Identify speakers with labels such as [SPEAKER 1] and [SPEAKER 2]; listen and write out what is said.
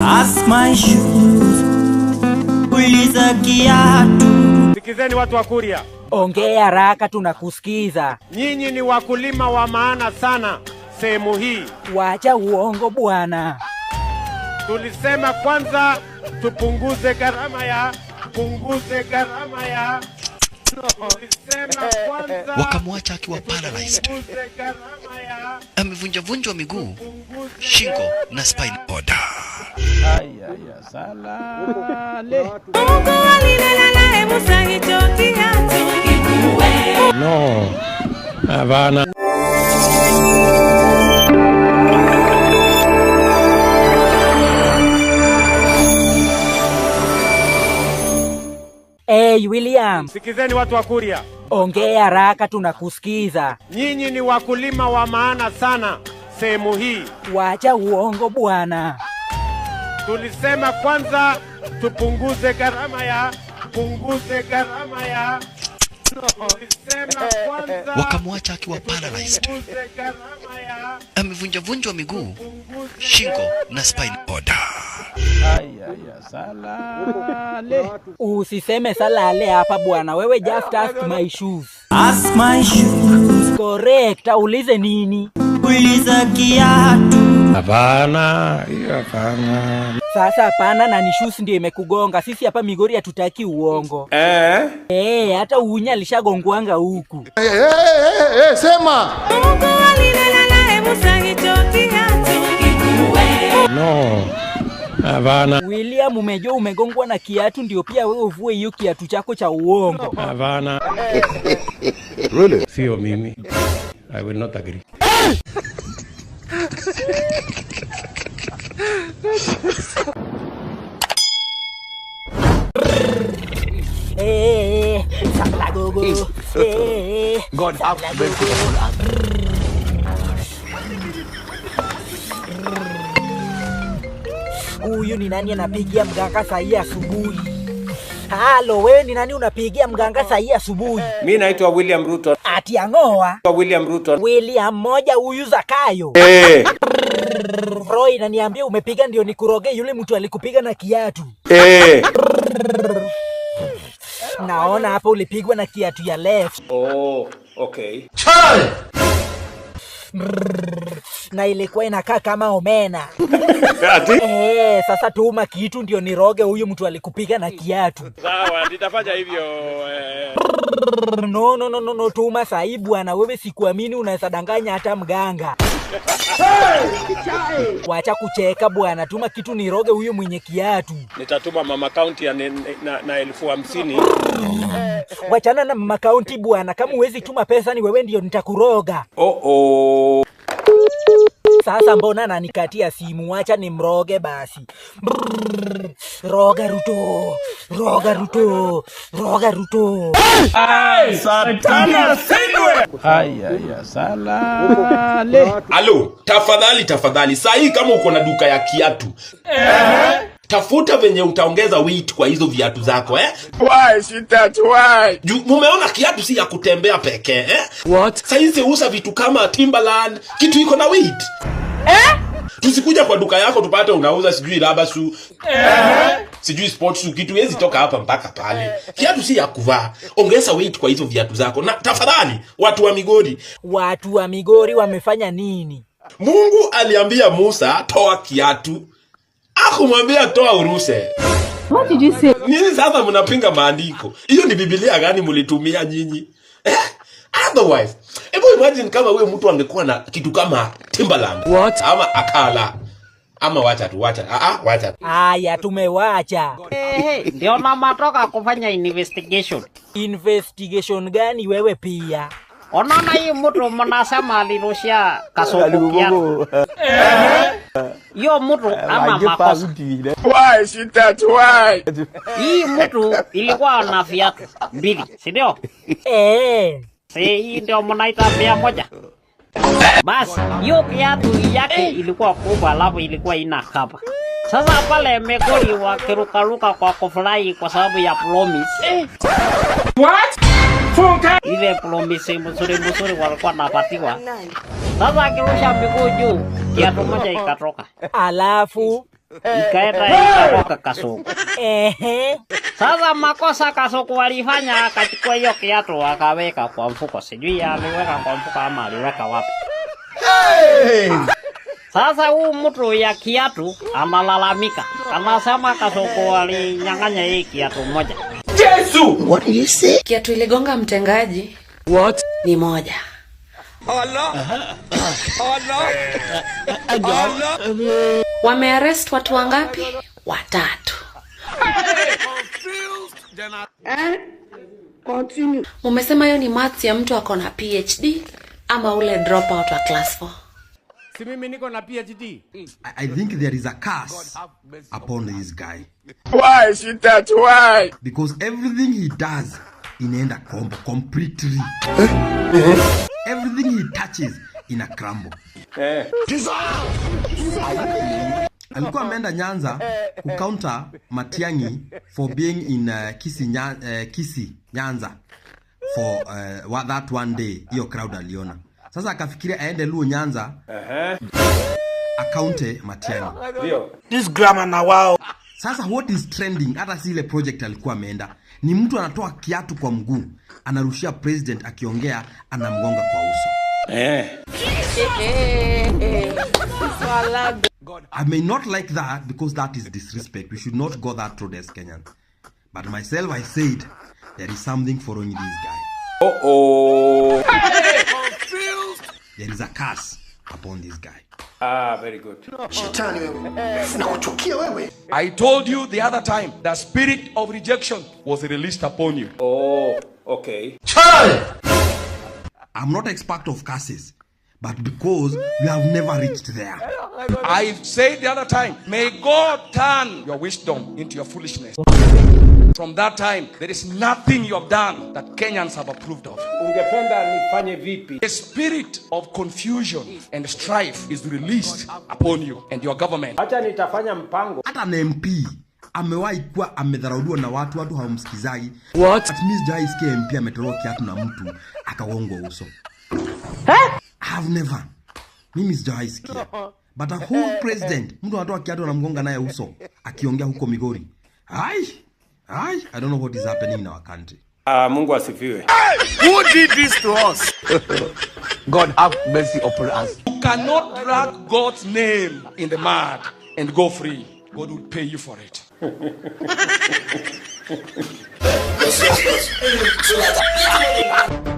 [SPEAKER 1] Ask my shoes. Uliza kiatu. Sikizeni watu wa Kuria. Ongea haraka tunakusikiza. Nyinyi ni wakulima wa maana sana sehemu hii. Wacha uongo bwana. Tulisema kwanza tupunguze gharama ya punguze gharama ya wakamwacha akiwa paralyzed, vunjwa miguu, shingo na spine cord. No, Hey, William.
[SPEAKER 2] Sikizeni watu wa Kuria.
[SPEAKER 1] Ongea haraka tunakusikiza.
[SPEAKER 2] Nyinyi ni wakulima wa maana sana sehemu hii.
[SPEAKER 1] Wacha uongo bwana.
[SPEAKER 2] Tulisema kwanza tupunguze gharama ya punguze gharama ya Wakamwacha akiwa paralyzed, amevunjavunjwa miguu,
[SPEAKER 1] shingo na spine. cord. Ah, salale. Usiseme salale hapa bwana, wewe just ask my shoes. Ask my shoes. Correct, aulize nini? Uliza
[SPEAKER 3] kiatu. Hapana, hiyo hapana.
[SPEAKER 1] Sasa hapana na ni shoes ndio imekugonga. Sisi hapa Migori hatutaki uongo. Eh? Eh, hata uunya alishagongoanga huku.
[SPEAKER 4] Eh, eh, eh, eh, eh, sema. Mungu alinena naye Musa
[SPEAKER 3] hicho kiatu. No. Havana.
[SPEAKER 1] William, umejua umegongwa na kiatu ndio pia wewe uvue hiyo kiatu chako cha uongo.
[SPEAKER 3] Havana.
[SPEAKER 5] Really? Sio mimi. I will not agree.
[SPEAKER 1] God have mercy on us. huyu ni nani anapigia mganga saa hii asubuhi? Halo, wewe ni nani unapigia mganga saa hii asubuhi?
[SPEAKER 6] Mimi naitwa William Ruto.
[SPEAKER 1] Ati angoa. William Ruto. William moja huyu Zakayo. Eh. Roy inaniambia umepiga ndio nikuroge yule mtu alikupiga na kiatu. Eh. Naona hapo ulipigwa na kiatu ya left.
[SPEAKER 6] Oh, okay. Chai!
[SPEAKER 1] na ilikuwa inakaa kama omena eh, sasa tuma kitu ndio niroge huyu mtu alikupiga na kiatu.
[SPEAKER 6] nitafanya hivyo eh.
[SPEAKER 1] No, no, no, no, no, tuma saibu ana wewe, sikuamini unaweza danganya hata mganga. Wacha kucheka bwana, tuma kitu niroge huyo mwenye kiatu.
[SPEAKER 6] Nitatuma mama kaunti ya ne, na, na elfu hamsini.
[SPEAKER 1] Wachana na mama kaunti bwana, kama uwezi tuma pesa ni wewe ndio nitakuroga.
[SPEAKER 6] Oh oh.
[SPEAKER 1] Sasa mbona nanikatia simu? Wacha nimroge basi. Brrr, roga Ruto roga Ruto, roga Ruto.
[SPEAKER 4] Satana sindwe.
[SPEAKER 3] Haya ya sala.
[SPEAKER 7] Alo, tafadhali tafadhali, saa hii kama uko na duka ya kiatu eh, tafuta venye utaongeza wit kwa hizo viatu zako eh?
[SPEAKER 4] Why shit that why?
[SPEAKER 7] Ju, mumeona kiatu si ya kutembea pekee eh? What? Saizi usa vitu kama Timberland, kitu iko na wit Eh? Tusikuja kwa duka yako tupate unauza sijui laba su sijui sport su kitu hezi toka hapa mpaka pale. Kiatu si ya kuvaa. Ongeza weight kwa hizo viatu zako. Na tafadhali watu wa Migori,
[SPEAKER 1] watu wa Migori wamefanya nini?
[SPEAKER 7] Mungu aliambia Musa toa kiatu. Akumwambia toa uruse.
[SPEAKER 8] What did you say?
[SPEAKER 7] Nini sasa mnapinga maandiko? Hiyo ni Biblia gani mulitumia nyinyi? otherwise. Hebu imagine kama huyo mtu angekuwa na kitu kama timbaland What? ama Akala ama wacha tu wacha. Ah, ah wacha
[SPEAKER 1] Haya, tumewacha. ndio na matoka kufanya investigation. Investigation gani wewe pia? ona na hii mtu mnasema alirusha kasoko kiatu. Eh? Yo mtu eh, ama makosa.
[SPEAKER 4] Why she that why?
[SPEAKER 1] Hii mtu ilikuwa na viatu mbili, si ndio? Eh basi hii ndio mnaita mia moja. Basi hiyo kiatu yake eh. ilikuwa kubwa, alafu ilikuwa ina kaba. Sasa pale Megori wakirukaruka kwa kufurahi kwa sababu ya promise. Eh. What? Funka. Ile promise mzuri mzuri walikuwa napatiwa. Sasa akirusha miguu juu, kiatu moja ikatoka. Alafu eh. ikaenda ikatoka kasoko. Ehe. Sasa makosa Kasuku walifanya akachukua hiyo kiatu akaweka kwa mfuko, sijui aliweka kwa mfuko ama aliweka wapi. Hey! Sasa huu mtu ya kiatu analalamika, anasema Kasuku alinyang'anya hii kiatu moja.
[SPEAKER 8] Yesu! What did you say?
[SPEAKER 1] Kiatu iligonga mtengaji. What? Ni moja. Allah. Allah. Allah. Wamearrest watu wangapi? Watatu. Eh? Continue. Mumesema hiyo ni maths ya mtu ako na PhD ama ule dropout wa class 4? Si mimi niko
[SPEAKER 9] na PhD. I I think there is a curse upon this guy.
[SPEAKER 4] Why she that why?
[SPEAKER 9] Because everything he does inaenda combo completely. everything he touches ina crumble. Eh alikuwa ameenda Nyanza kukaunta Matiangi for being in uh, Kisi, nya, uh, Kisi Nyanza for uh, that one day hiyo crowd aliona. Sasa akafikiria aende Luo Nyanza akaunte Matiangi. This grammar na wao. Sasa what is trending, hata si ile project alikuwa ameenda, ni mtu anatoa kiatu kwa mguu anarushia president, akiongea anamgonga kwa uso eh. I may not like that because that is disrespect. We should not go that road as Kenyan. But myself, I said there is something following this guy. Uh oh. there is a curse upon this guy.
[SPEAKER 6] Ah, very good. I told you the other time the spirit of rejection was released upon you. Oh, okay. Child!
[SPEAKER 9] I'm not expert of curses, but because we have never reached there.
[SPEAKER 6] I said the other time, may God turn your wisdom into your foolishness. From that time, there is nothing you have done that Kenyans have approved of. The spirit of confusion and strife is released upon you and your government. At
[SPEAKER 9] an MP amewahi kuwa amedharauliwa na watu, watu hawamsikizagi. What? At least jaiske sikia MP ametoroa kiatu na mtu akagonga uso have never, mimi sijawahi sikia but a whole president, mtu anatoa kiatu anamgonga naye uso akiongea huko Migori. Ai, ai, I don't know what is happening in our country.
[SPEAKER 6] Uh, Mungu asifiwe. Who did this to us? God have mercy upon us. You cannot drag God's name in the mud and go free. God will pay you for it.